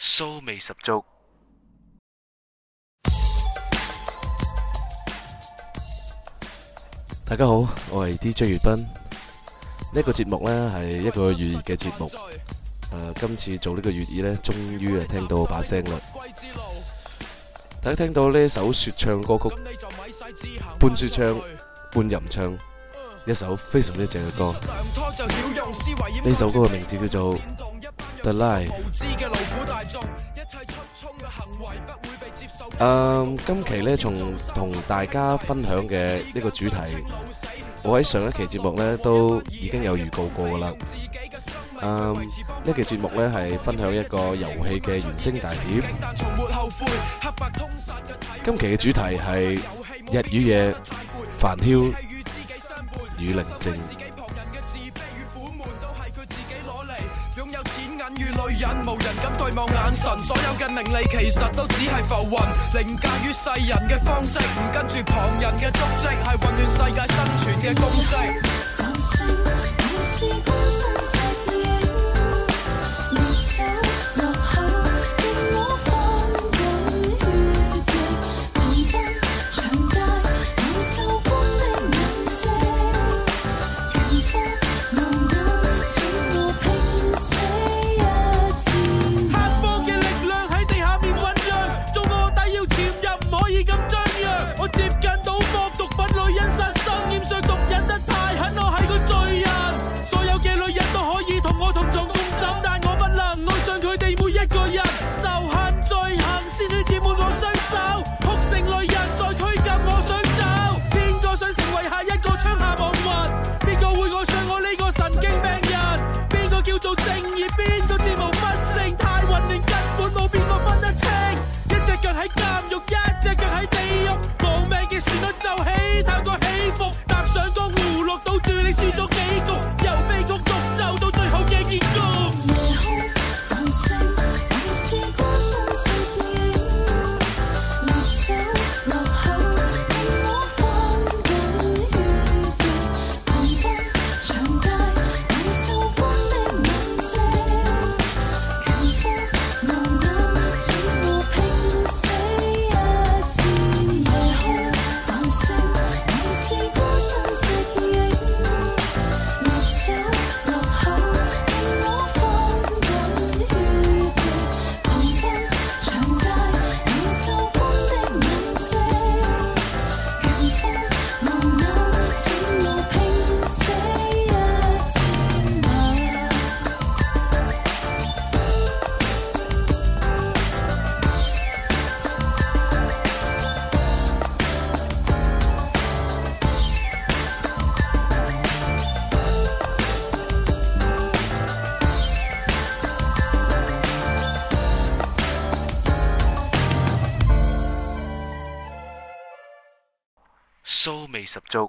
騷味十足，大家好，我係 DJ 月斌，呢個節目呢係一個粵語嘅節目，誒，今次做呢個粵語呢，終於係聽到把聲啦，大家聽到呢一首說唱歌曲，半說唱半吟唱，一首非常之正嘅歌，呢首歌嘅名字叫做。嗯，今期咧從同大家分享嘅呢個主題，我喺上一期節目咧都已經有預告過噶啦。嗯，呢期節目咧係分享一個遊戲嘅原聲大碟。今期嘅主題係日與夜，繁囂與寧靜。有錢銀與女人，無人敢對望眼神。所有嘅名利其實都只係浮雲，凌駕於世人嘅方式，唔跟住旁人嘅足跡，係混亂世界生存嘅公式。嗯騷味十足。